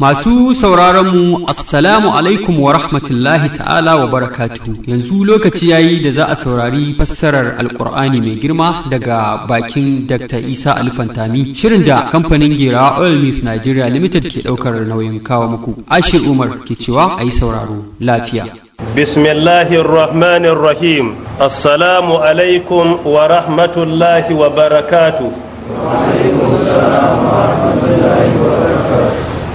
Masu sauraronmu, Assalamu alaikum wa rahmatullahi ta'ala wa barakatuhu. Yanzu lokaci yayi da za a saurari fassarar Alƙur'ani mai girma daga bakin Dr. Isa Alfantami, shirin da kamfanin Gera Oil Mills Nigeria Limited ke ɗaukar nauyin kawo muku. Ashir Umar ke cewa ayi sauraro lafiya. Bismillahirrahmanirrahim. Assalamu alaikum wa rahmatullahi wa barakatuhu. Wa alaikum wa rahmatullahi wa barakatuhu.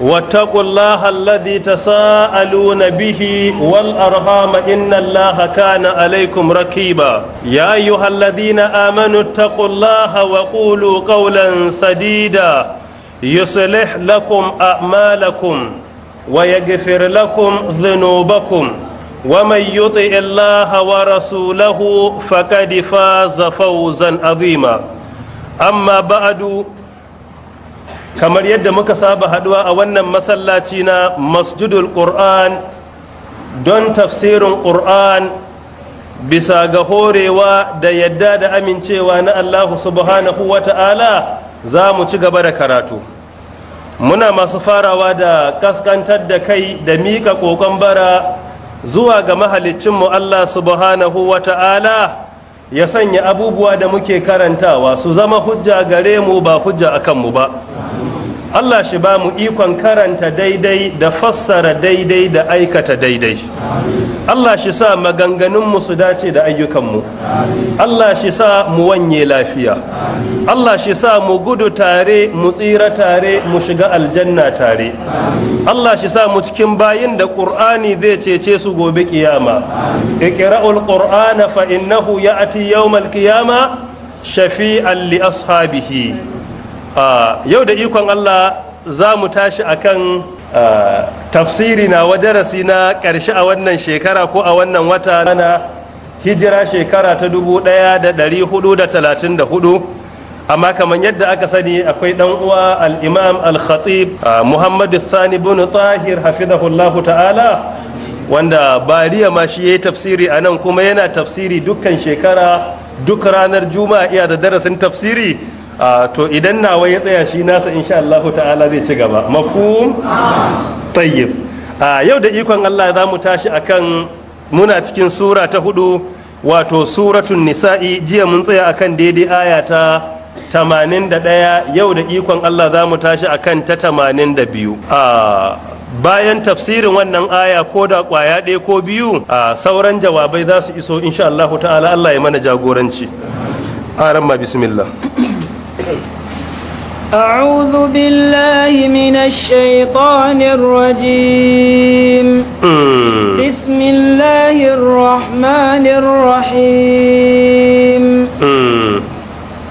واتقوا الله الذي تساءلون به والأرهام إن الله كان عليكم ركيبا يا أيها الذين آمنوا اتقوا الله وقولوا قولا سديدا يصلح لكم أعمالكم ويغفر لكم ذنوبكم ومن يطئ الله ورسوله فقد فاز فوزا عظيما أما بعد kamar yadda muka saba haduwa a wannan masallaci na masjidul qur'an don tafsirin qur'an bisa ga horewa da yadda da amincewa na allahu subhanahu wa ta'ala za mu ci gaba da karatu muna masu farawa da kaskantar da kai da miƙa ƙoƙon bara zuwa ga mahalicinmu allah subhanahu wa ta'ala ya sanya abubuwa da muke karantawa su zama hujja gare mu ba hujja a kanmu ba Allah shi ba mu ikon karanta daidai da fassara daidai da aikata daidai Allah shi sa maganganunmu su dace da ayyukanmu Allah shi sa mu wanye lafiya Allah shi sa mu gudu tare mu tsira tare mu shiga aljanna tare Allah shi sa mu cikin bayin da ƙur'ani zai cece su gobe kiyama iqra'ul qur'ana fa innahu ya'ti yawmal qiyama shafi'an li ashabihi Ah, yau da ikon Allah za mu tashi akan ah, tafsiri na wa darasi na ƙarshe a wannan shekara ko a wannan wata na hijira shekara ta dubu ɗaya da da da ɗari talatin 1434 amma kamar yadda aka sani akwai dan uwa al-imam al-khatib ah, muhammadu sani bin tahir hafizahullahu ta'ala wanda bariya ma shi yayi tafsiri a nan kuma yana tafsiri dukkan shekara duk ranar juma'a iya da darasin tafsiri to idan nawa ya tsaya shi nasa insha Allah ta'ala zai ci gaba mafhum tayyib yau da ikon Allah za mu tashi akan muna cikin sura ta hudu wato suratun nisa'i jiya mun tsaya akan daidai aya ta 81 yau da ikon Allah za mu tashi akan ta tamanin da 82 bayan tafsirin wannan aya ko da kwaya ɗaya ko biyu a sauran jawabai za su iso insha Allah ta'ala Allah ya mana jagoranci a ramma bismillah أعوذ بالله من الشيطان الرجيم بسم الله الرحمن الرحيم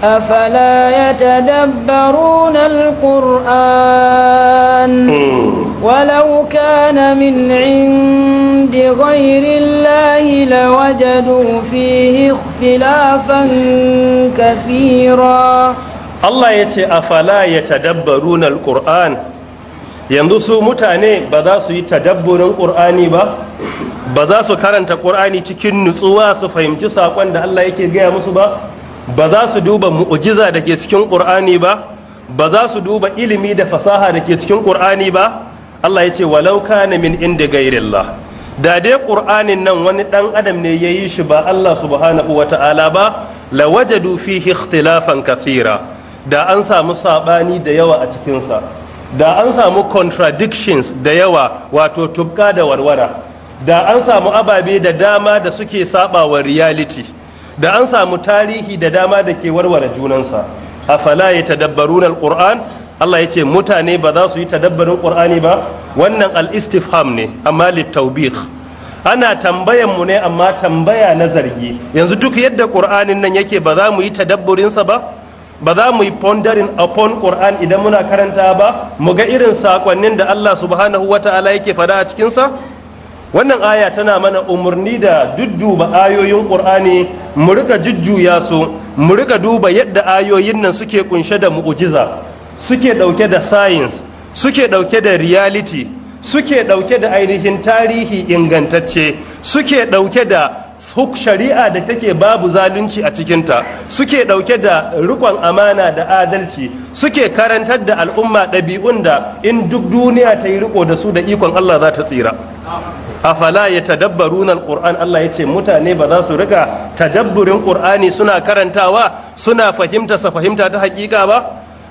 أفلا يتدبرون القرآن ولو كان من عند غير الله لوجدوا فيه اختلافا كثيرا Allah ya ce a fala ya tadabbaruna alquran yanzu su mutane ba za su yi tadabburin ƙur'ani ba ba za su karanta ƙur'ani cikin nutsuwa su fahimci saƙon da Allah yake gaya musu ba ba za su duba mu'ujiza da ke cikin ƙur'ani ba ba za su duba ilimi da fasaha da ke cikin ƙur'ani ba Allah ya ce walau kana min inda gairillah da dai ƙur'anin nan wani ɗan adam ne ya yi shi ba Allah subhanahu ta'ala ba La wajadu fihi ikhtilafan kathira da an samu saɓani da yawa a cikinsa da an samu contradictions da yawa wato tubka da warwara da an samu ababe da dama da suke saɓawa reality da an samu tarihi da dama da ke warware junansa a fala ya tadabbarun alƙur'an Allah ya ce mutane ba za su yi tadabbarin ƙur'ani ba wannan al-istifham ne amma littaubih ana tambayan mu ne amma tambaya na zargi yanzu duk yadda ƙur'anin nan yake ba za mu yi tadabburinsa ba ba za mu yi pondering upon Qur'an idan muna karanta ba mu ga irin sakonnin da Allah subhanahu wata'ala yake fada a cikinsa wannan aya tana mana umarni da dudduba ayoyin Qur'ani mu rika jujjuya su mu rika duba yadda ayoyin nan suke kunshe da mu'ujiza suke dauke da science suke dauke da reality suke dauke da ainihin tarihi ingantacce suke dauke da shari'a da take babu zalunci a cikinta suke ɗauke da rikon amana da adalci suke karantar da al'umma ɗabi'un da in duk duniya ta yi riko da su da ikon Allah za ta tsira fala ya tadabbarun alquran Allah ya ce mutane ba za su rika tadabburin ƙur'ani suna karantawa suna fahimta sa fahimta ta hakika ba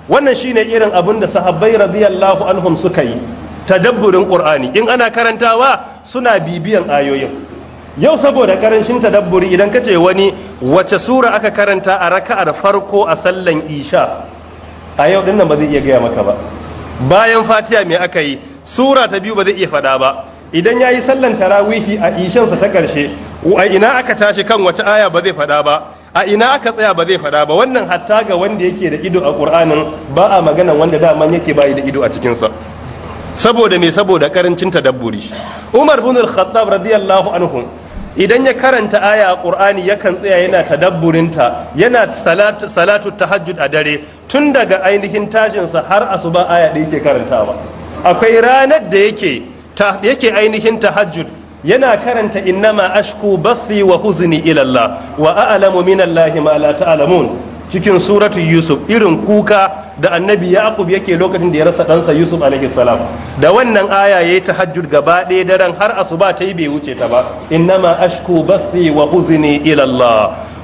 wannan shine irin abin da sahabbai radiyallahu anhum suka yi tadabburin ƙur'ani in ana karantawa suna bibiyan ayoyin yau saboda karancin tadabburi idan ka ce wani wace sura aka karanta a raka'ar farko a sallan isha a yau dinnan ba zai iya gaya maka ba bayan Fatiya mai aka yi sura ta biyu ba zai iya faɗa ba idan ya yi sallan tarawihi a ishansa ta ƙarshe a ina aka tashi kan wace aya ba zai faɗa ba a ina aka tsaya ba zai faɗa ba wannan hatta ga wanda yake da ido a ƙur'anin ba a magana wanda daman yake bayi da ido a cikinsa saboda me saboda karancin tadabburi umar bin al-khattab radiyallahu anhu idan ya karanta aya a ƙur'ani yakan tsaya yana tadabburinta yana salatu, tahajjud a dare tun daga ainihin tashinsa har asuba aya da yake karantawa akwai ranar da yake yake ainihin tahajjud yana karanta innama ashku bathi wa huzni ila wa a'lamu minallahi ma la ta'lamun cikin suratu yusuf irin kuka da annabi yaqub yake lokacin da ya rasa ɗansa yusuf alaihi salam da wannan aya yayi tahajjud gaba ɗaya daren har asuba ta yi bai wuce ta ba ma ashku basi wa huzni ila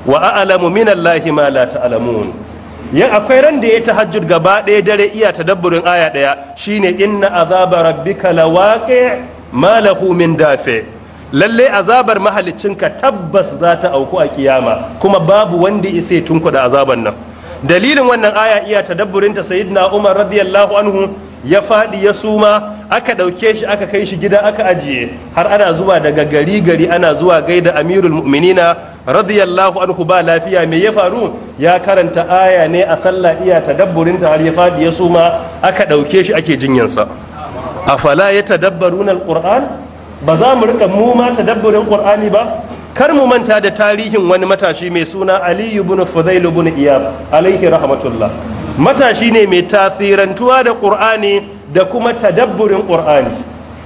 wa a'lamu min allah ma la ta'lamun ya akwai ran da ya tahajjud gaba ɗaya dare iya tadabburin aya ɗaya shine inna azaba rabbika lawaqi ma lahu min dafi' lalle azabar mahaliccinka tabbas za ta auku a kiyama kuma babu wanda ya sai tunkuda azaban nan dalilin wannan aya iya tadabburinta sayyidina umar radiyallahu anhu ya faɗi ya suma aka ɗauke shi aka kai shi gida aka ajiye har ana zuwa daga gari gari ana zuwa gaida amirul mu'minina radiyallahu anhu ba lafiya me ya faru ya karanta aya ne a sallah iya tadabburinta har ya faɗi ya suma aka ɗauke shi ake jinyansa afala ya tadabbaruna alquran ba za mu rika mu ma tadabburin qur'ani ba kar mu manta da tarihin wani matashi mai suna aliyu ibn fudail ibn iyab alayhi rahmatullah matashi ne mai tasirantuwa da qur'ani da kuma tadabburin qur'ani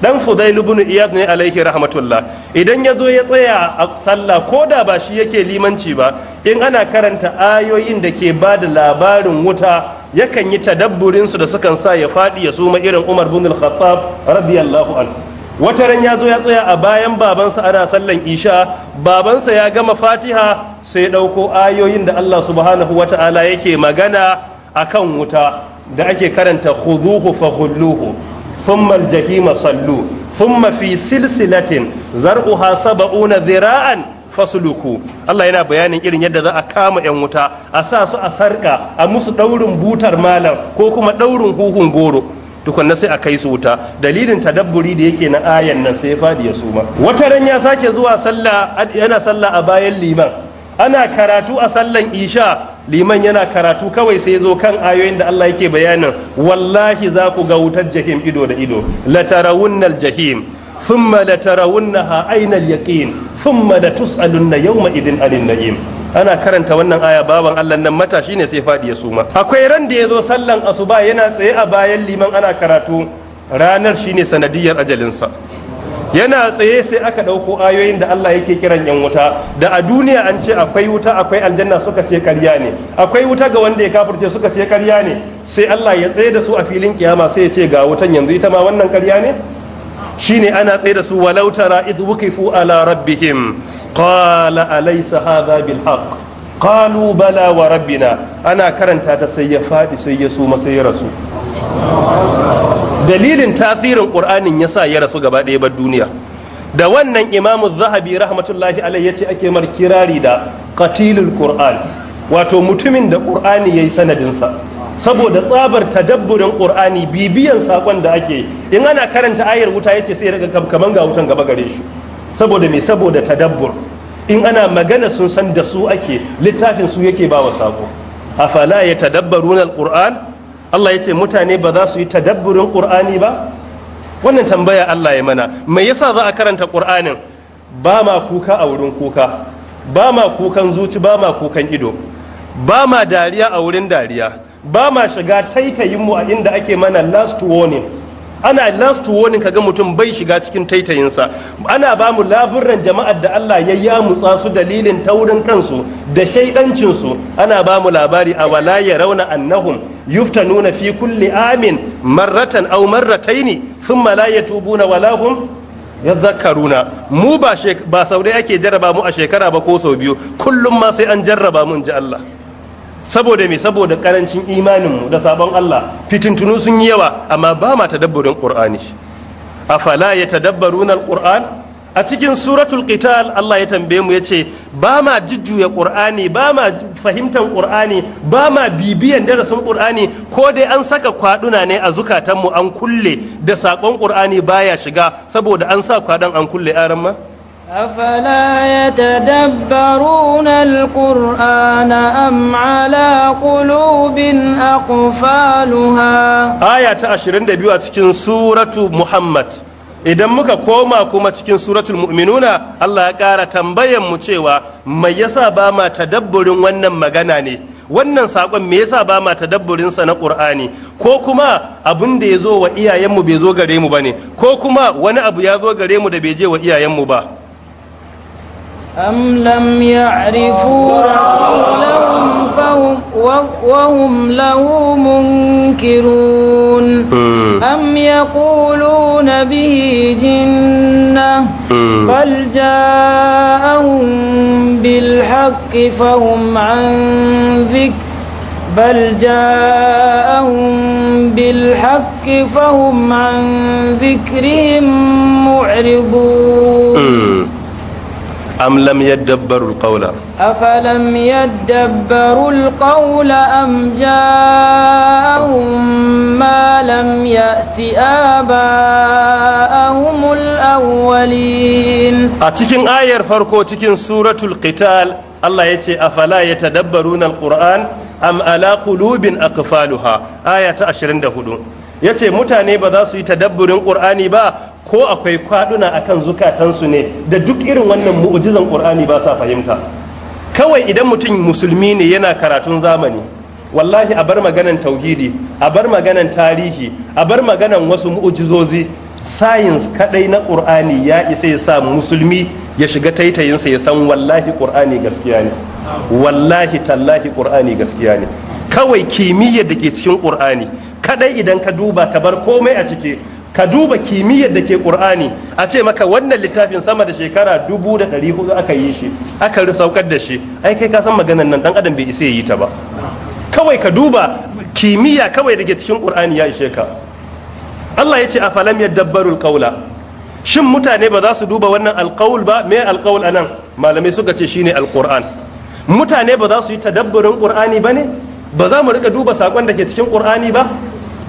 dan fudail ibn iyab ne alayhi rahmatullah idan ya zo ya tsaya a sallah ko da ba shi yake limanci ba in ana karanta ayoyin da ke ba da labarin wuta yakan yi tadabburinsu da sukan sa ya faɗi ya suma irin umar bin al-khattab radiyallahu anhu wata ran ya zo ya tsaya a bayan babansa ana sallan isha babansa ya gama fatiha sai ɗauko ayoyin da Allah subhanahu wa ta'ala yake magana a kan wuta da ake karanta khuduhu fa khulluhu thumma aljahima sallu thumma fi silsilatin zar'uha sab'una dhira'an fasuluku Allah yana bayanin irin yadda za a kama 'yan wuta a sa su a sarka a musu daurin butar malam ko kuma daurin huhun goro tukunna sai a kai su wuta dalilin tadabburi da yake na ayan nan sai ya fadi ya suma wata ran ya sake zuwa sallah yana sallah a bayan liman ana karatu a sallan isha liman yana karatu kawai sai zo kan ayoyin da Allah yake bayanin wallahi za ku ga wutar jahim ido da ido latarawunnal jahim thumma latarawunnaha aynal yaqin thumma latus'alunna yawma idin anin na'im ana karanta wannan aya baban Allah nan matashi ne sai faɗi ya suma akwai ran da ya zo sallan asuba yana tsaye a bayan liman ana karatu ranar shine sanadiyar ajalinsa yana tsaye sai aka ɗauko ayoyin da Allah yake kiran yan wuta da a duniya an ce akwai wuta akwai aljanna suka ce karya ne akwai wuta ga wanda ya kafirce suka ce karya ne sai Allah ya tsaye da su a filin kiyama sai ya ce ga wutan yanzu ita ma wannan karya ne shine ana tsaye da su walau tara id wukifu ala rabbihim قال alaysa هذا بالحق قالوا qalu وربنا wa rabbina ana karanta ta sai ya faɗi sai ya suma sai ya rasu dalilin tasirin qur'anin yasa ya rasu gaba ɗaya duniya da wannan imamu zahabi rahmatullahi alaihi yace ake mar kirari da qatilul qur'an wato mutumin da qur'ani yayi sanadinsa saboda tsabar tadabburin qur'ani bibiyan sakon da ake in ana karanta ayar wuta yace sai ya kaman ga wutan gaba gare shi saboda mai saboda tadabbur in ana magana sun san da su ake littafin su yake ba wa sako afala ya tadabbaru na alƙur'an Allah ya ce mutane ba za su yi tadabburin ƙur'ani ba wannan tambaya Allah ya mana mai yasa za a karanta ƙur'anin ba ma kuka a wurin kuka ba ma kukan zuci ba ma kukan ido ba ma dariya a wurin dariya ba ma shiga taitayin mu a inda ake mana last warning ana last warning kaga mutum bai shiga cikin taitayinsa ana ba mu laburan jama'ar da Allah ya ya mutsa su dalilin taurin kansu da shaidancinsu. ana ba mu labari a wala ya rauna annahum yuftanuna fi kulli amin marratan aw marrataini thumma la yatubuna wala hum yadhakkaruna mu ba ba ake jarraba mu a shekara ba ko sau biyu kullum ma sai an jarraba mun ji Allah saboda mai saboda karancin imaninmu da sabon Allah fitintunu sun yi yawa amma ba ma tadabburin qur'ani afala yatadabbaruna ƙur'an a cikin suratul qital Allah ya tambaye mu ya ce ba ma jujjuya qur'ani ba ma fahimtar qur'ani ba ma bibiyan darasin qur'ani ko dai an saka kwaduna ne a zukatanmu an kulle da saƙon qur'ani baya shiga saboda an sa kwadon an kulle aran ma أفلا يتدبرون القرآن أم على قلوب أقفالها آية أشرين دبيو أتكين سورة محمد idan muka koma kuma cikin suratul mu'minuna Allah ya ƙara tambayan mu cewa mai yasa ba ma tadabburin wannan magana ne wannan sakon me yasa ba ma sa na Ƙur'ani, ko kuma abin da ya zo wa iyayenmu bai zo gare mu bane ko kuma wani abu ya zo gare mu da bai je wa iyayenmu ba أم لم يعرفوا رسولهم فهم وهم له منكرون أم يقولون به جنة بل جاءهم بالحق فهم عن ذكر بل جاءهم بالحق فهم عن ذكرهم معرضون أم لم يدبروا القول أفلم يدبروا القول أم جاءهم ما لم يأت آباءهم الأولين أتكين آية فرقو تكين سورة القتال الله يتي أفلا يتدبرون القرآن أم على قلوب أقفالها آية 24 yace mutane ba za su yi tadabburin ƙur'ani ba ko akwai kwaduna akan zukatansu ne da duk irin wannan mu'ujizan qur'ani ba sa fahimta kawai idan mutum musulmi ne yana karatun zamani wallahi a bar maganan tauhidi a bar maganan tarihi a bar maganan wasu mu'ujizozi sayins kadai na qur'ani ya isa ya sa musulmi ya shiga taitayinsa ya san wallahi qur'ani gaskiya ne wallahi tallahi qur'ani gaskiya ne kawai kimiyyar da ke cikin qur'ani kadai idan ka duba ka bar komai a ciki ka duba kimiyyar da ke ƙur'ani a ce maka wannan littafin sama da shekara dubu da ɗari hudu aka yi shi aka saukar da shi ai kai ka san maganar nan ɗan adam bai isa ya yi ta ba kawai ka duba kimiyya kawai daga cikin ƙur'ani ya ishe ka Allah ya ce a falam dabbarul kaula shin mutane ba za su duba wannan alƙawul ba me alqaul anan malamai suka ce shine alqur'an mutane ba za su yi tadabburin ƙur'ani ba ne ba za mu rika duba sakon da ke cikin ƙur'ani ba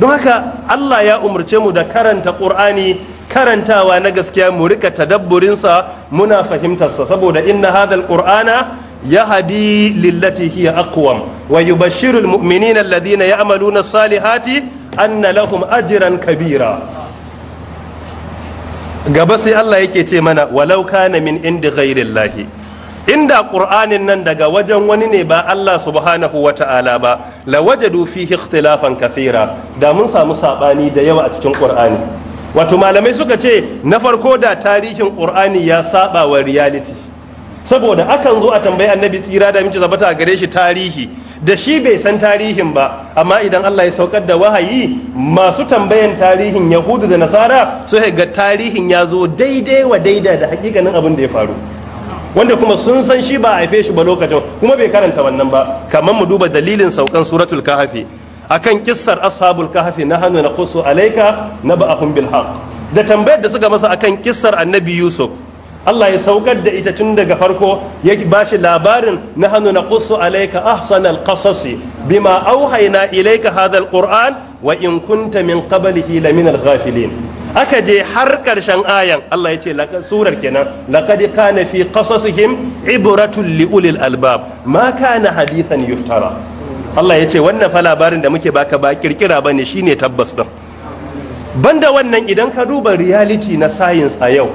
don haka Allah ya umarce mu da karanta ƙur'ani karantawa na gaskiya mu rika tadabburinsa muna fahimtarsa saboda inna hadal qur'ana yahdi lillati hiya aqwam wa yubashshiru almu'minina alladhina ya'maluna salihati anna lahum ajran kabira gaba sai Allah yake ce mana walau kana min indi ghairillahi inda qur'anin nan daga wajen wani ne ba Allah subhanahu wa ta'ala ba la wajadu fihi ikhtilafan kathira da mun samu sabani da yawa a cikin qur'ani wato malamai suka ce na farko da tarihin qur'ani ya saba wa reality saboda akan zo a tambayi annabi tsira da miki zabata a gare shi tarihi da shi bai san tarihin ba amma idan Allah ya saukar da wahayi masu tambayan tarihin yahudu da nasara su ga tarihin ya zo daidai wa daida da hakikanin abin da ya faru wanda kuma sun san shi ba a haife shi ba lokacin kuma bai karanta wannan ba kamar mu duba dalilin saukan suratul kahfi akan kissar ashabul kahfi na hannu na kusu alaika na ba'ahum bil da tambayar da suka masa akan kissar annabi yusuf Allah ya saukar da ita tun daga farko ya ba shi labarin na hannu na kusu alaika ahsan qasasi bima auhaina ilaika hadha qur'an wa in kunta min qablihi la min aka je har karshen ayan Allah ya ce surar kenan laqad kana fi qasasihim ibratun li ulil albab ma kana hadithan yuftara Allah ya ce wannan fa labarin da muke baka ba kirkira bane shine tabbas din banda wannan idan ka duba reality na science a yau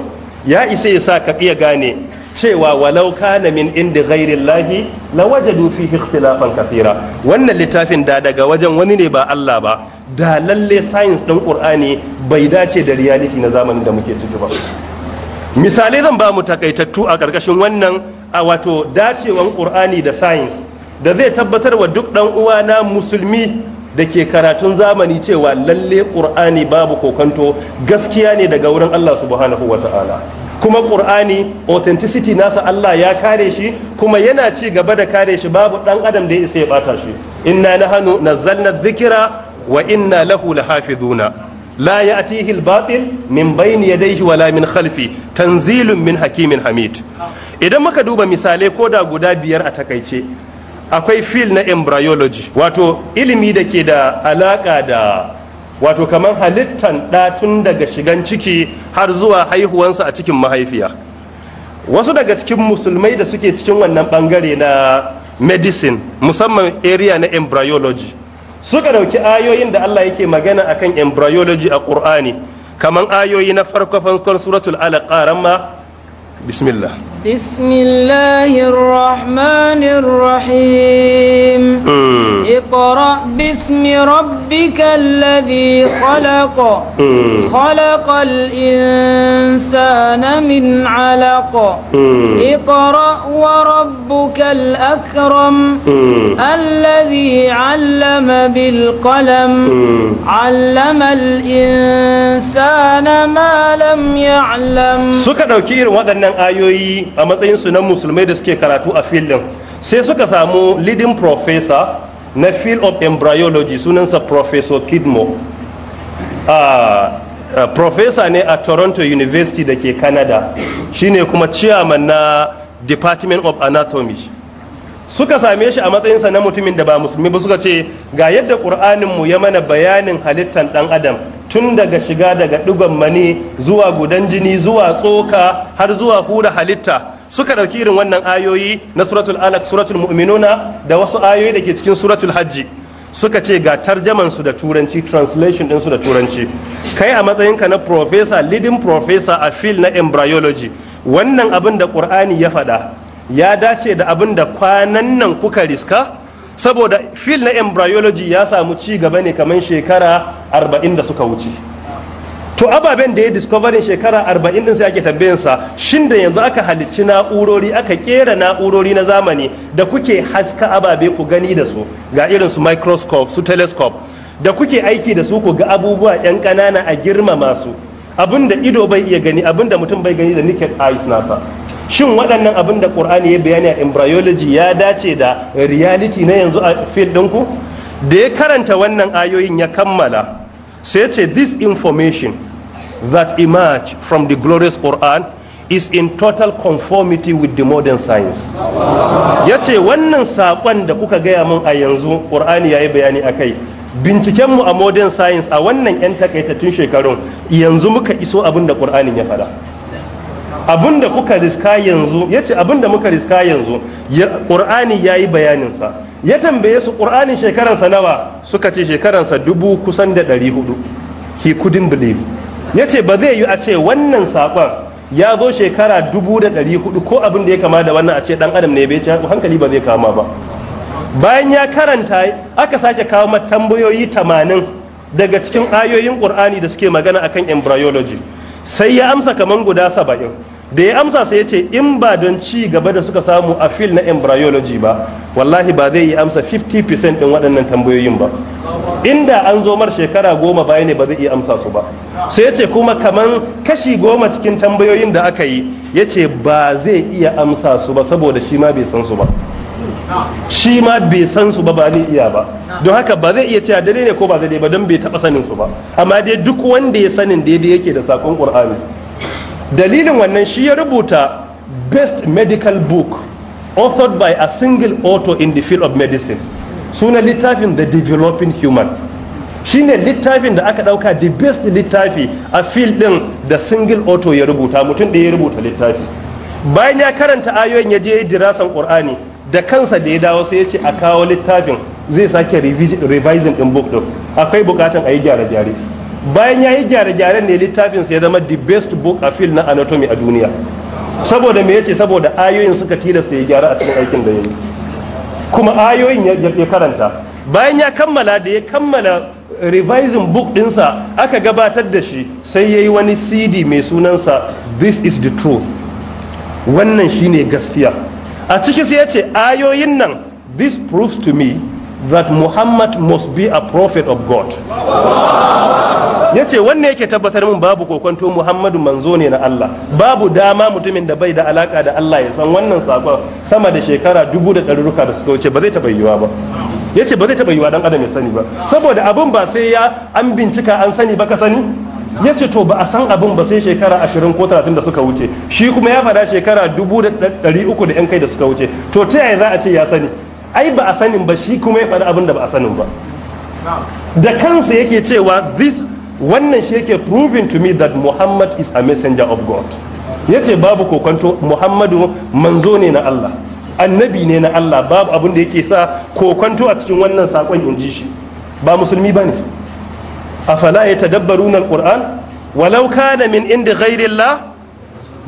ya isa ya sa ka iya gane cewa walau kana min inda ghairillahi na waje dufi ikhtilafan kafira wannan littafin da daga wajen wani ne ba Allah ba da lalle science din Qur'ani bai dace da reality na zamanin da muke ciki ba Misali zan ba mu takaitattu a karkashin wannan a wato dacewan Qur'ani da science da zai tabbatar wa duk ɗan uwa na musulmi da ke karatun zamani cewa lalle Qur'ani babu kokanto gaskiya ne daga wurin Allah subhanahu wataala kuma ƙur'ani authenticity nasa Allah ya kare shi kuma yana ci gaba da kare shi babu ɗan adam da ya isa ya ɓata shi inna nahanu nazzalna zikira wa inna lahu lahafizuna لا يأتيه الباطل من بين يديه wala min khalfi tanzilun min hakimin Hamid. idan muka duba misalai ko da guda biyar a takaice akwai fil na embryology wato ilimi da ke da alaka da wato kamar halittan ɗa tun daga shigan ciki har zuwa haihuwansa a cikin mahaifiya wasu daga cikin musulmai da suke cikin wannan bangare na medicine musamman area na embryology suka ɗauki ayoyin da Allah yake magana akan embryology a ƙur'ani kamar ayoyi na farko farkon suratul alaƙa ramma bismillah بسم الله الرحمن الرحيم اقرأ باسم ربك الذي خلق خلق الإنسان من علق اقرأ وربك الأكرم الذي علم بالقلم علم الإنسان ما لم يعلم سكنا دوكير ودنن آيوي a matsayin su na musulmai da suke karatu a filin sai suka samu leading professor na field of embryology sunansa professor kidmo a ah, ah, professor ne a toronto university da ke canada shine kuma chairman na department of anatomy suka same shi a matsayinsa na mutumin da ba musulmi ba suka ce ga yadda ƙur'aninmu ya mana bayanin halittar ɗan adam tun daga shiga daga ɗigon mani zuwa gudan jini zuwa tsoka har zuwa hura halitta suka ɗauki irin wannan ayoyi na suratul alaq suratul mu'minuna da wasu ayoyi da ke cikin suratul hajji suka ce ga tarjamansu da turanci translation ɗinsu da turanci kai a matsayinka na professor leading professor a field na embryology wannan abin da ƙur'ani ya faɗa ya dace da abin da kwanan nan kuka riska saboda fil na embryology ya samu ci gaba ne kamar shekara 40 da suka wuce to ababen da ya discoverin shekara 40 din sai ake sa shin da yanzu aka halicci na'urori aka kera na'urori na zamani da kuke haska ababe ku gani da su ga irin su microscope su telescope da kuke aiki da su ku ga abubuwa yan ƙanana a girma masu abinda ido bai iya gani abinda mutum bai gani da naked eyes nasa shin waɗannan abin da ƙur'ani ya bayani a embryology ya dace da reality na yanzu a field ɗinku da ya karanta wannan ayoyin ya kammala sai ce this information that emerge from the glorious Quran is in total conformity with the modern science ya ce wannan saƙon da kuka gaya min a yanzu ƙur'ani ya yi bayani a kai bincikenmu a modern science a wannan 'yan takaitattun shekarun yanzu muka iso abin da ƙur'anin ya faɗa abinda kuka riska yanzu ya ce abinda muka riska yanzu ƙur'ani ya yi bayaninsa ya tambaye su ƙur'anin shekaransa nawa suka ce shekaransa dubu kusan da ɗari hudu he couldn't believe ya ce ba zai yi a ce wannan saƙon ya zo shekara dubu da ɗari hudu ko abin da ya kama da wannan a ce ɗan adam ne bai ce hankali ba zai kama ba bayan ya karanta aka sake kawo tambayoyi tamanin daga cikin ayoyin ƙur'ani da suke magana akan embryology sai ya amsa kaman guda saba'in da ya amsa sai ya ce in ba don ci gaba da suka samu a fil na embryology ba wallahi ba zai yi amsa 50% din waɗannan tambayoyin ba inda an zo mar shekara goma baya ne ba zai iya amsa su ba sai ya ce kuma kamar kashi goma cikin tambayoyin da aka yi ya ce ba zai iya amsa su ba saboda shi ma bai san su ba shi ma bai san su ba ba zai iya ba don haka ba zai iya cewa dare ne ko ba zai ba don bai taɓa sanin su ba amma dai duk wanda ya sanin daidai yake da sakon ƙur'ani dalilin wannan shi ya rubuta best medical book authored by a single author in the field of medicine suna littafin the developing human shi ne littafin da aka dauka the best littafi a field din da single author ya rubuta mutum da ya rubuta littafi bayan ya karanta ayoyin ya je dirasan qur'ani da kansa da ya dawo sai ya ce a kawo littafin zai sake revising din book din akwai bukatan a yi gyare-gyare bayan ya yi gyare-gyaren ne littafin littafinsa ya zama the best book a fil na anatomy a duniya saboda me yace saboda ayoyin suka tilasta ya gyara a cikin aikin da ya yi kuma ayoyin ya karanta bayan ya kammala da ya kammala revising book dinsa aka gabatar da shi sai ya yi wani cd mai sunansa this is the truth wannan shine gaskiya a ciki sai ya ce ayoyin nan this proves to me that muhammad must be a prophet of god ya ce wanne yake tabbatar min babu kokonto muhammadu manzo ne na allah babu dama mutumin da bai da alaka da allah ya san wannan sakon sama da shekara dubu da ɗaruruka da suka wuce ba zai taɓa yiwuwa ba ya ce ba zai taɓa yiwuwa dan adam ya sani ba saboda abun ba sai ya an bincika an sani ba ka sani ya ce to ba a san abun ba sai shekara ashirin ko talatin da suka wuce shi kuma ya faɗa shekara dubu da ɗari uku da 'yan kai da suka wuce to ta yaya za a ce ya sani ai ba a sanin ba shi kuma ya faɗi abin da ba a sanin ba da kansa yake cewa this wannan shi yake proving to me that muhammad is a messenger of god ya ce babu kokonto muhammadu manzo ne na allah annabi ne na allah babu abin da yake sa kokonto a cikin wannan sakon in ji shi ba musulmi ba ne a afala ya na alquran walau kana min inda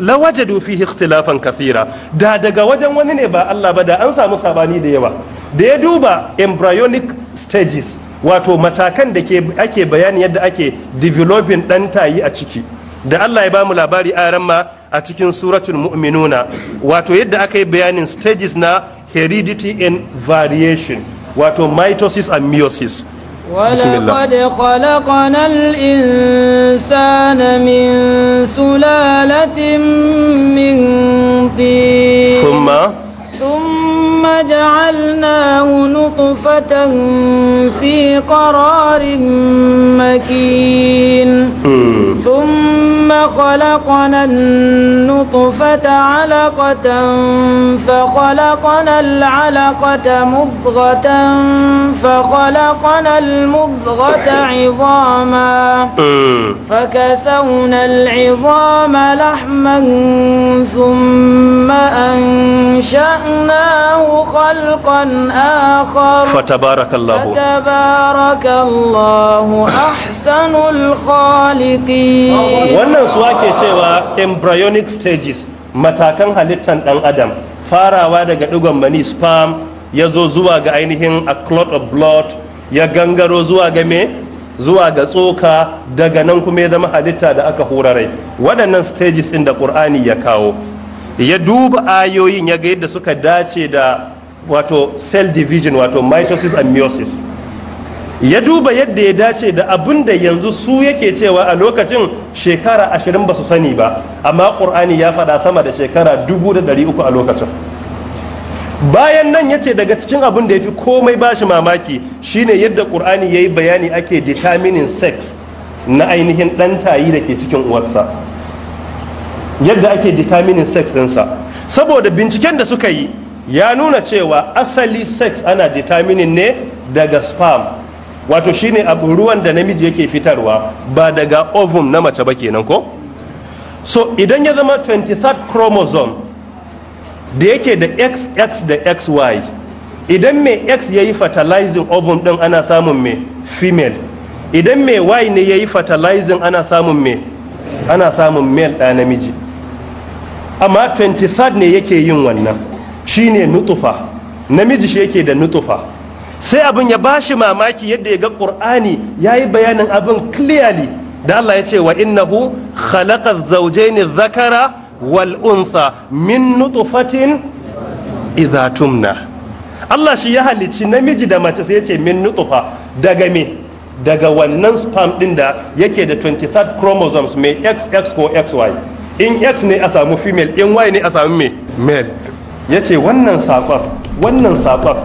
la waje dufi ikhtilafan kafira da daga wajen wani ne ba Allah ba da an samu sabani da yawa da ya duba embryonic stages wato matakan da ake bayani yadda ake developing ɗan tayi a ciki da Allah ya ba mu labari a ma a cikin suratul mu'minuna wato yadda aka yi bayanin stages na heredity and variation wato mitosis and meiosis ولقد خلقنا الإنسان من سلالة من طين ثم ثم جعلناه نطفة في قرار مكين ثم خلقنا النطفة علقة فخلقنا العلقة مضغة فخلقنا المضغة عظاما فكسونا العظام لحما ثم أنشأناه خلقا آخر فتبارك الله فتبارك الله أحسن الخالقين wannan suwa ke cewa embryonic stages matakan halittan ɗan adam farawa daga ɗigon mani sperm ya zo zuwa ga ainihin a clot of blood ya gangaro zuwa ga me zuwa ga tsoka daga nan kuma ya zama halitta da aka hurarai rai waɗannan stages ɗin da ƙur'ani ya kawo ya duba ayoyin ya ga yadda suka dace da wato cell division wato mitosis and meiosis ya duba yadda ya dace da abin da yanzu su yake cewa a lokacin shekara ashirin ba su sani ba amma ƙur'ani ya faɗa sama da shekara dubu da ɗari uku a lokacin bayan nan ya ce daga cikin abin da ya fi komai ba shi mamaki shine yadda ƙur'ani ya yi bayani ake determining sex na ainihin ɗan tayi da ke cikin uwarsa yadda ake determining sex ɗinsa saboda binciken da suka yi ya nuna cewa asali sex ana determining ne daga sperm wato shine abu ruwan da namiji yake fitarwa ba daga ovum na mace ba kenan ko so idan ya zama 23rd chromosome da yake da xx da xy idan mai x ya yi fertilizing ovum din ana samun mai female idan mai y ne ya yi fertilizing ana samun mai ana samun male ɗa namiji amma 23 ne yake yin wannan shi ne nutufa namiji shi yake da nutufa sai abin ya ba shi mamaki yadda ya ga ya yi bayanin abin clearly da Allah ya ce wa innahu khalaqa zawjayn dhakara wal untha min nutfatin idha tumna Allah shi ya halicci namiji da mace sai ya ce min nutfa daga me daga wannan sperm din da yake da 23 chromosomes mai XX ko XY in x ne a samu female in y ne a samu me male ya ce wannan saƙon wannan saƙon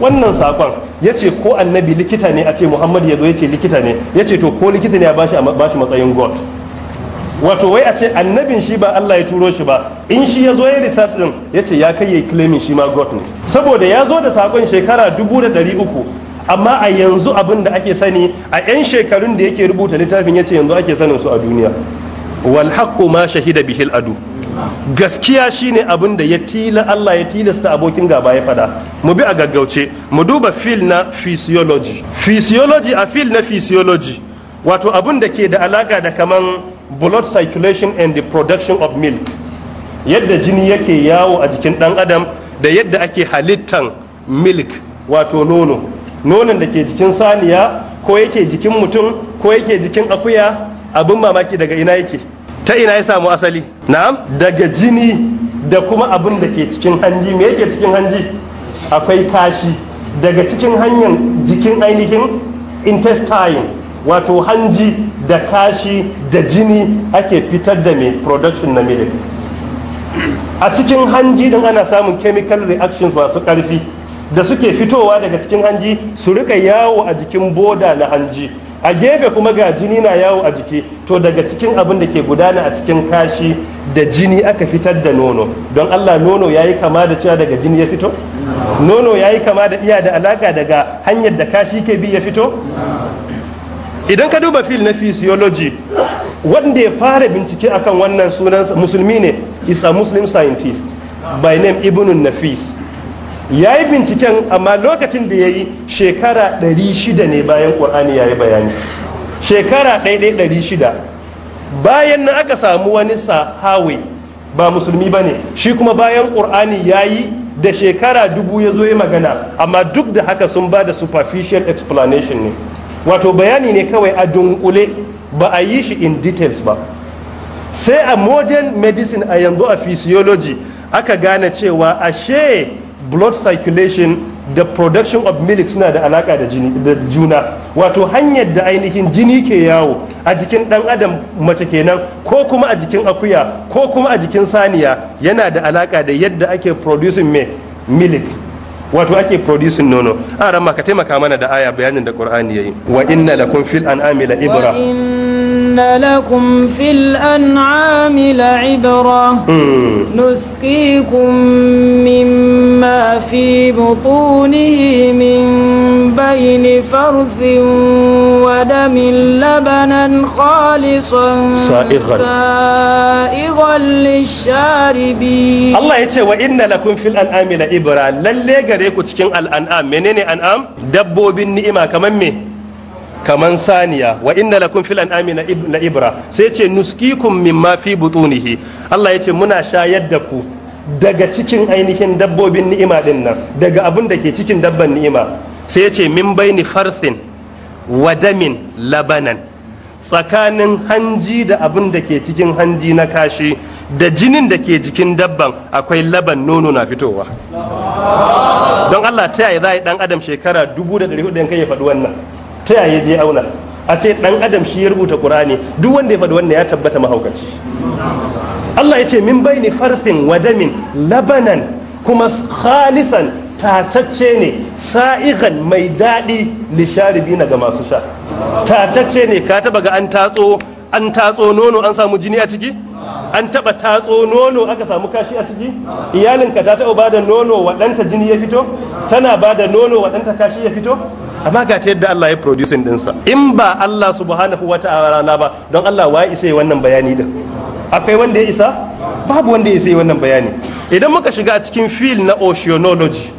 wannan saƙon ya ce ko annabi likita ne a ce muhammad ya zo ya ce likita ne ya ce to ko likita ne ya bashi matsayin god wato wai a ce annabin shi ba Allah ya turo shi ba in shi ya zo ya research din ya ce ya kai ya claiming shi ma God ne saboda ya zo da saƙon shekara dubu da ɗari uku amma a yanzu abin da ake sani a 'yan shekarun da yake rubuta littafin ya ce yanzu ake sanin su a duniya wal ma shahida bihil adu gaskiya shine abin da ya tila Allah ya tilasta abokin gaba ya fada mu bi a gaggauce mu duba fil na physiology physiology a fil na physiology wato abin da ke da alaka da kaman blood circulation and the production of milk yadda jini yake yawo a jikin dan adam da yadda ake halittan milk wato nono nonon da ke jikin saniya ko yake jikin mutum ko yake jikin akuya abin mamaki daga ina yake ta ina ya samu asali na'am daga jini da kuma abin da ke cikin hanji me yake cikin hanji akwai kashi daga cikin hanyar jikin ainihin intestine wato hanji da kashi da jini ake fitar da mai production na milik a cikin hanji din ana samun chemical reactions masu karfi da suke fitowa daga cikin hanji su rika yawo a jikin boda na hanji a gefe kuma ga jini na yawo a jiki to daga cikin abin da ke gudana a cikin kashi da jini aka fitar da nono don allah nono ya yi kama da cewa daga jini ya fito nono ya yi kama da iya da alaka daga hanyar da kashi ke bi ya fito idan ka duba fil na physiology wanda ya fara bincike akan wannan sunan musulmi ne is a muslim scientist by name ibn nafis ya yi binciken amma lokacin da ya yi shekara 600 ne bayan ƙur'ani ya yi bayani shekara ɗaiɗai bayan na aka samu wani sahawe ba musulmi ba ne shi kuma bayan ƙur'ani ya yi da shekara dubu ya zo yi magana amma duk da haka sun ba da superficial explanation ne wato bayani ne kawai a dunkule ba a yi shi in details ba sai a modern medicine a yanzu a physiology aka gane cewa ashe blood circulation da production of milk suna da alaka da juna wato hanyar da ainihin jini ke yawo a jikin dan adam mace kenan ko kuma a jikin akuya ko kuma a jikin saniya yana da alaka da yadda ake producing milk wato ake producing nono a ran ka taimaka mana da aya bayanin da qur'ani yayi wa inna lakum fil an amila ibra إن لكم في الأنعام لعبرة نسقيكم مما في بطونه من بين فرث ودم لبنا خالصا سائغا سائغا للشاربين الله يتي وإن لكم في الأنعام لعبرة للي غريكو تكين الأنعام منين أنعام دبو بالنئمة كمان مي kaman saniya wa inna lakum fil an'ami na ibra sai yace nuskikum mimma fi butunihi Allah yace muna shayar da ku daga cikin ainihin dabbobin ni'ima din nan daga abin da ke cikin dabban ni'ima sai yace min baini farsin wa damin labanan tsakanin hanji da abin da ke cikin hanji na kashi da jinin da ke jikin dabban akwai laban nono na fitowa don Allah ta yi za a yi dan adam shekara 1400 kai ya faɗi wannan ta yaya je auna a ce dan adam shi ya rubuta qur'ani duk wanda ya faɗi wannan ya tabbata mahaukaci Allah ya ce min bai ni farfin wadamin labanan kuma khalisan tatacce ne sa'ikan mai daɗi lisharibi na ga masu sha tatacce ne ka taba ga an tatso an tatso nono an samu jini a ciki an taba tatso nono aka samu kashi a ciki iyalinka ta taɓa ba da nono wa ɗanta jini ya fito tana ba da nono wa kashi ya fito amma ga ta yadda Allah ya producing dinsa in ba Allah subhanahu wa ta'ala ba don Allah wa isa wannan bayani din akwai wanda ya isa babu wanda ya isa wannan bayani idan muka shiga cikin field na oceanology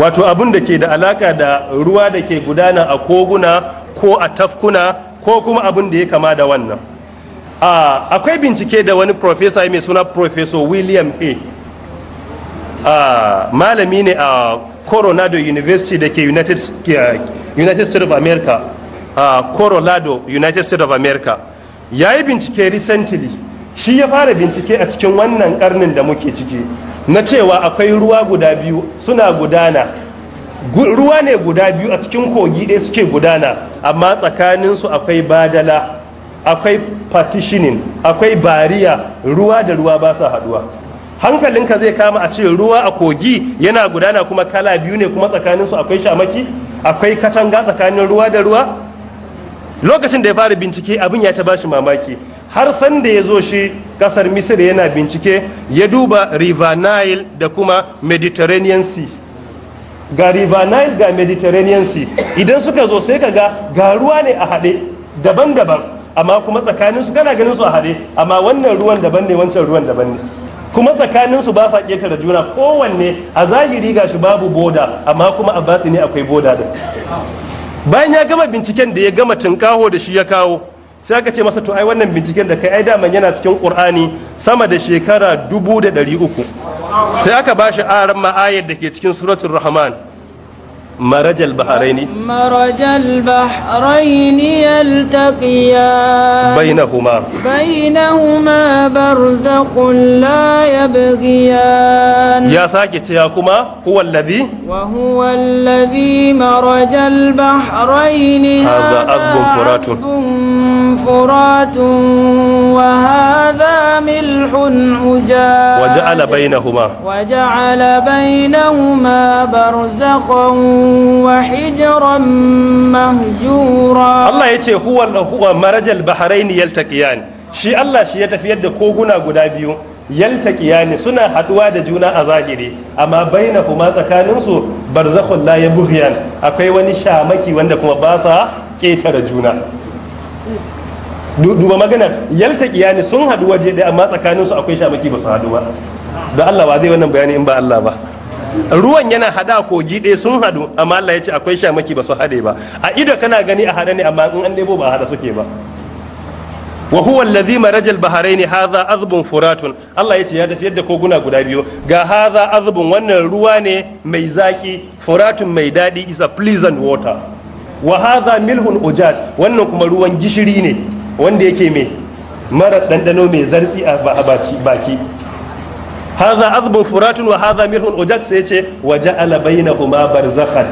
wato abun da ke da alaka da ruwa da ke gudana a koguna ko a tafkuna ko kuma abun da ya kama da wannan akwai bincike da wani profesa mai suna professor william a malami ne a coronado university da ke united, united states of america uh, coronado united states of america ya yi bincike recently shi ya fara bincike a cikin wannan karnin da muke ciki na cewa akwai ruwa guda biyu suna gudana ruwa ne guda biyu a cikin kogi ɗaya suke gudana amma tsakaninsu akwai badala akwai partitioning akwai bariya ruwa da ruwa ba sa haduwa hankalinka zai kama a ce ruwa a kogi yana gudana kuma kala biyu ne kuma tsakanin su akwai shamaki akwai katanga tsakanin ruwa da ruwa lokacin da ya fara bincike abin ya ta bashi mamaki har san da ya zo shi kasar misir yana bincike ya duba river nile da kuma mediterranean sea ga river nile ga mediterranean sea idan suka zo sai ka ga ga ruwa ne a haɗe daban-daban amma kuma tsakaninsu gana ganin su a haɗe amma wannan ruwan daban ne wancan ruwan daban ne kuma tsakanin su ba sa ƙetare juna kowanne a zahiri ga shi babu boda amma kuma a ne akwai boda da bayan ya gama binciken da ya gama tunkaho da shi ya kawo sai aka ce masa to ai wannan binciken da kai ai daman yana cikin qur'ani sama da shekara dubu da ɗari uku sai aka ba shi aran ma'ayar da ke cikin suratul rahman مرج البحرين مرج البحرين يلتقيان بينهما بينهما برزق لا يبغيان يا ساكت يا كما هو الذي وهو الذي مرج البحرين هذا أذب فرات فرات وهذا ملح عجاج وجعل بينهما وجعل بينهما برزخا وحجرا مهجورا الله يتي هو هو مرج البحرين يلتقيان shi Allah shi ya tafiyar da koguna guda biyu yaltaqiya suna haduwa da juna a zahiri amma baina huma tsakanin su barzakhul la yabghiyan akwai wani shamaki wanda kuma ba sa ketare juna duba maganar yalta kiyani sun hadu waje daya amma tsakanin su akwai shamaki ba su haɗu ba da Allah ba zai wannan bayani in ba Allah ba ruwan yana hada kogi ɗaya sun hadu, amma Allah ya ce akwai shamaki ba su haɗe ba a ido kana gani a hada ne amma in an ɗebo ba hada haɗa suke ba wa huwa alladhi maraja al-baharain hadha azbun furatun Allah ya ce ya tafiyar da koguna guda biyu ga hadha azbun wannan ruwa ne mai zaki furatun mai daɗi is a pleasant water wa hadha milhun ujat wannan kuma ruwan gishiri ne wanda yake mai mara ɗanɗano mai zartsi a baki haza azbun furatun wa haza milhun ujak sai ce wa ja'ala bainahuma barzakhan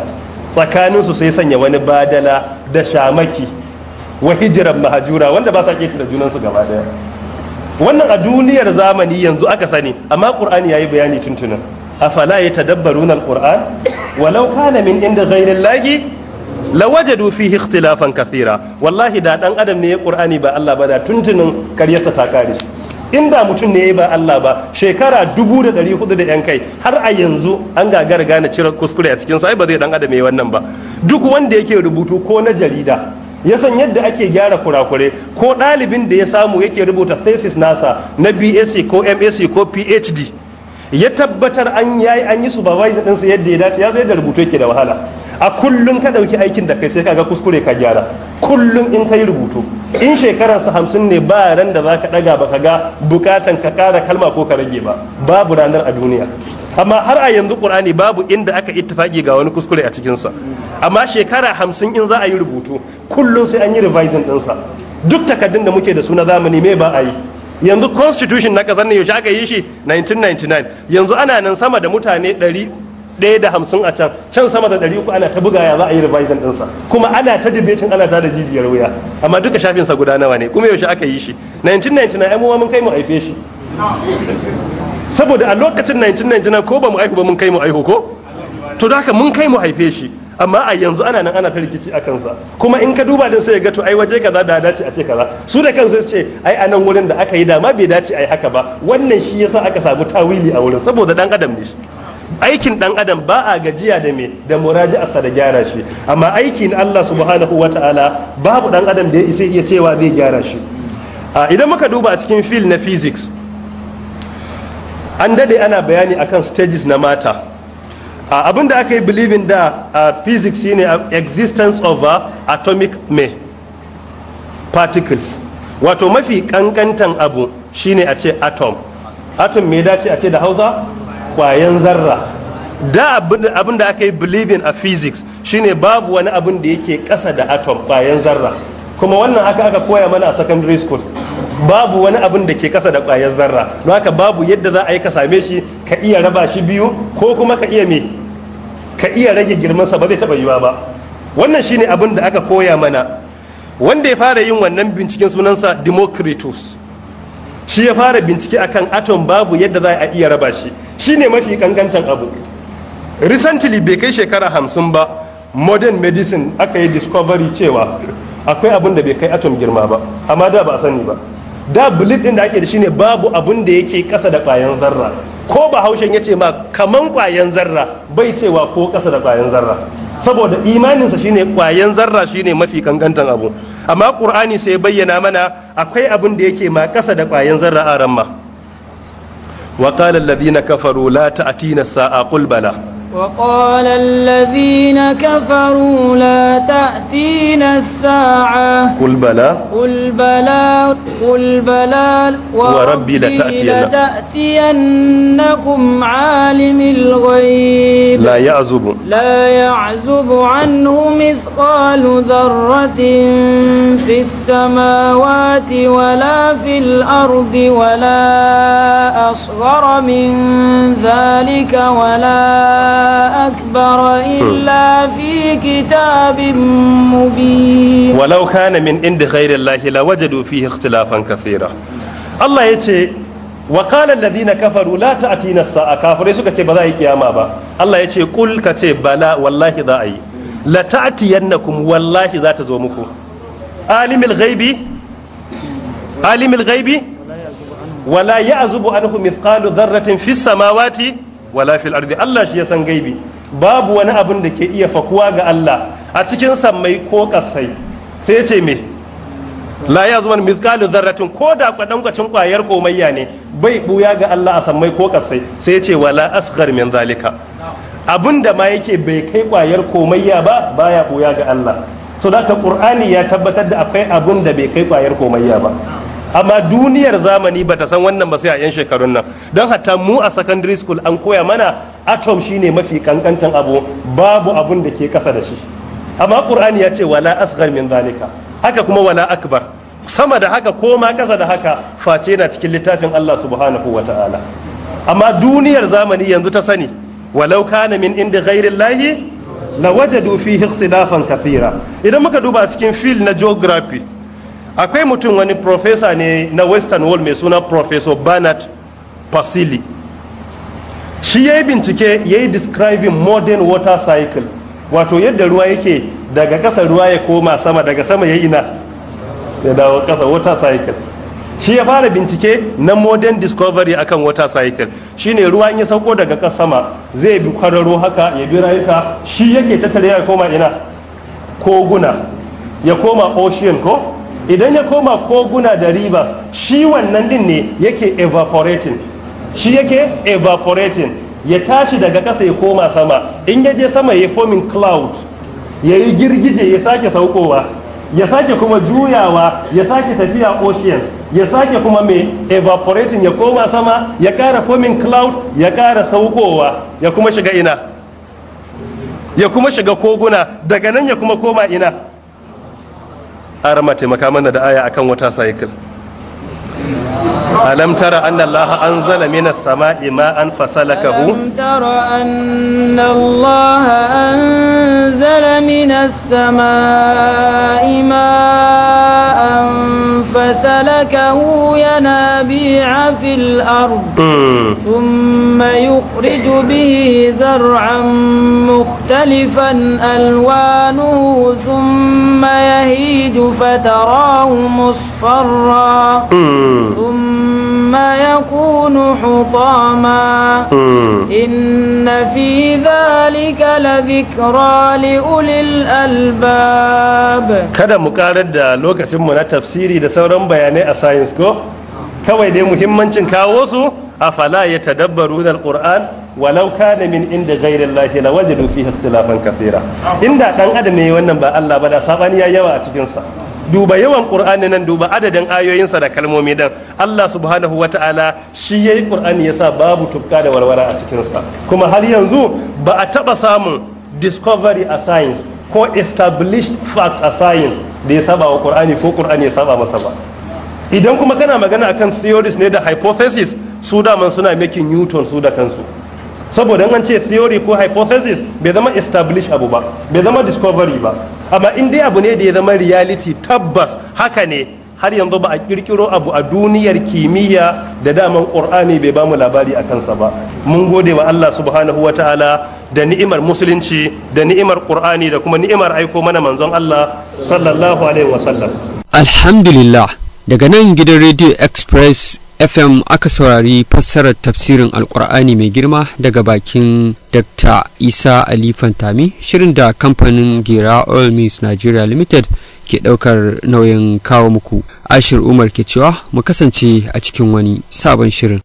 tsakanin su sai sanya wani badala da shamaki wa hijiran mahajura wanda ba sa ketare junan su gaba daya wannan a duniyar zamani yanzu aka sani amma ya yi bayani tuntunan afala yatadabbaruna alquran walau kana min inda ghairi lawajadu fihi ikhtilafan kathira wallahi da dan adam ne ya qur'ani ba Allah ba da tuntunin karyarsa ta kare inda mutum ne ba Allah ba shekara dubu da hudu 'yan kai har a yanzu an gagara gane cire kuskure a cikin ai ba zai dan adam mai wannan ba duk wanda yake rubutu ko na jarida ya san yadda ake gyara kurakure ko ɗalibin da ya samu yake rubuta thesis nasa na BSc ko MSc ko PhD ya tabbatar an yi an yi wai ɗinsa yadda ya dace ya sai da rubutu yake da wahala a kullum ka ɗauki aikin da kai sai ka ga kuskure ka gyara kullum in ka yi rubutu in su hamsin ne ba ran da za ka ɗaga ba ka ga bukatan ka kara kalma ko ka rage ba babu ranar a duniya amma har a yanzu ƙur'ani babu inda aka ittifaki ga wani kuskure a cikinsa amma shekara hamsin in za a yi rubutu kullum sai an yi revising ɗinsa duk takaddun da muke da su na zamani me ba a yi yanzu constitution na kasar ne yaushe aka yi shi 1999 yanzu ana nan sama da mutane 150 a can can sama da 300 ana ta bugaya za a yi revision ɗinsa kuma ana ta debating ana ta da jijiyar wuya amma duka shafinsa guda nawa ne kuma yaushe aka yi shi 1999 mu mun kai mu aife shi saboda a lokacin 1999 ko ba mu aihu ba mun kai mu aihu ko to da haka mun kai mu aife shi amma a yanzu ana nan ana ta rikici a kansa kuma in ka duba din sai ga to ai waje kaza da dace a ce kaza su da kansu su ce ai a nan wurin da aka yi dama bai dace ai haka ba wannan shi yasa aka samu tawili a wurin saboda dan adam ne shi aikin dan adam ba a gajiya da me da muraji'arsa da gyara shi amma aiki na Allah subhanahu ta'ala babu dan adam da ya isa iya cewa zai gyara shi idan muka duba a cikin fil na physics an dade ana bayani akan stages na mata Uh, abin da aka yi believing da uh, physics shine uh, existence of uh, atomic me particles wato mafi kankantan abu shine a ce atom atom me dace a ce da hausa kwayan zarra da abin da aka yi believing a physics shine babu wani abin da yake kasa da atom kwayan zarra kuma wannan haka aka koya mana a secondary school babu wani abin da ke kasa da kwayar zarra don haka babu yadda za a yi ka same shi ka iya raba shi biyu ko kuma ka iya me ka iya rage girmansa ba zai taɓa yiwa ba wannan shine abin da aka koya mana wanda ya fara yin wannan binciken sunansa democritus shi ya fara bincike akan atom babu yadda za a iya raba shi shine mafi kankantan abu recently bai kai shekara hamsin ba modern medicine aka yi discovery cewa akwai abin da bai kai atom girma ba amma da ba a sani ba da bulit din da ake da shi ne babu abun da yake kasa da kwayan zarra ko ba haushen ya ce ma kaman kwayan zarra bai cewa ko kasa da kwayan zarra saboda imaninsa shine kwayan zarra shine mafi kankantan abu amma qur'ani sai bayyana mana akwai abin da yake ma kasa da kwayan zarra a ramma wa qala alladhina kafaru la ta'tina sa'a qul وقال الذين كفروا لا تأتينا الساعة قل بلى قل بلى قل بلى وربي لتأتينكم عالم الغيب لا يعزب لا يعزب عنه مثقال ذرة في السماوات ولا في الأرض ولا أصغر من ذلك ولا أكبر إلا في كتاب مبين ولو كان من عند غير الله لوجدوا فيه اختلافا كثيرا الله يتي وقال الذين كفروا لا تأتينا الساعة كافر ba a yi kiyama ba Allah ya ce Wala ka ce bala wallahi za a yi la ta'tiyannakum wallahi za wala fil ardi Allah shi ya san gaibi babu wani abin da ke iya fakuwa ga Allah a cikin sammai ko kasai sai ya ce me la ya zuwan mithqalu dharratin ko da kwadankwacin kwayar komayya ne bai buya ga Allah a sammai ko kasai sai ya ce wala asghar min zalika abin da ma yake bai kai kwayar komayya ba baya buya ga Allah to da ka qur'ani ya tabbatar da akwai abin da bai kai kwayar komayya ba amma duniyar zamani ba ta san wannan ba sai a 'yan shekarun nan don hatta mu a secondary school an koya mana atom shine mafi kankantan abu babu abun da ke kasa da shi amma qur'ani ya ce wala asghar min zalika haka kuma wala akbar sama da haka ko ma kasa da haka face na cikin littafin Allah subhanahu wata'ala amma duniyar zamani yanzu ta sani walau kana min inda ghairillahi lawajadu fihi ikhtilafan kathira idan muka duba cikin fil na geography akwai mutum wani profesa ne na western world mai suna professor bernard pasili shi ya yi bincike ya yi describing modern water cycle wato yadda ruwa yake daga ƙasa ruwa ya koma sama daga sama ya ina ya dawo ƙasa water cycle shi ya fara bincike na modern discovery akan water cycle shine ruwa in ya sauko daga ƙasa sama zai bi kwararo haka ya bi rayuka shi yake tattare ya koma ina koguna ya koma ocean ko idan ya koma koguna da rivers shi wannan din ne yake evaporating shi yake evaporating ya tashi daga kasa ya koma sama in ya je sama ya forming cloud ya yi girgije ya sake saukowa ya sake kuma juyawa ya sake tafiya oceans ya sake kuma mai evaporating ya koma sama ya ƙara forming cloud ya ƙara saukowa ya kuma shiga ina ya kuma shiga koguna daga nan ya kuma koma ina arama taimaka mana da aya akan wata cycle ألم ترى أن الله أنزل من السماء ماء فسلكه ألم ترى أن الله أنزل من السماء ماء فسلكه ينابيع في الأرض ثم يخرج به زرعا مختلفا ألوانه ثم يهيج فتراه مصفرا ثم يكون حطاما hmm. إن في ذلك لذكرى لأولي الألباب kada mu karar da lokacinmu na tafsiri da sauran bayanai a science kawai dai muhimmancin kawo su a fala ya tadabbaru da alquran walau kana min inda ghairi llahi la wajadu fihi ikhtilafan kathira inda ɗan adam wannan ba Allah ba da sabani yayi yawa a cikinsa. duba yawan qur'ani nan duba adadin ayoyin sa da kalmomi dan Allah subhanahu wata'ala shi yayi qur'ani yasa babu tufka da warwara a cikin sa kuma har yanzu ba a taba samun discovery a science ko established fact a science da ya saba wa qur'ani ko qur'ani ya saba masa ba idan kuma kana magana akan theories ne da hypothesis su daman suna making newton su da kansu saboda an ce theory ko hypothesis bai zama establish abu ba bai zama discovery ba amma in dai abu ne da ya zama reality tabbas haka ne har yanzu ba a kirkiro abu a duniyar kimiyya da daman qur'ani bai bamu labari a kansa ba mun gode wa Allah subhanahu wa ta'ala da ni'imar musulunci da ni'imar qur'ani da kuma ni'imar aiko mana manzon Allah sallallahu alaihi wasallam alhamdulillah daga nan gidan radio express fm aka saurari fassarar tafsirin alkur'ani mai girma daga bakin dr isa ali fantami shirin da kamfanin gera oil mills nigeria limited ke daukar nauyin kawo muku ashir umar ke cewa mu kasance a cikin wani sabon shirin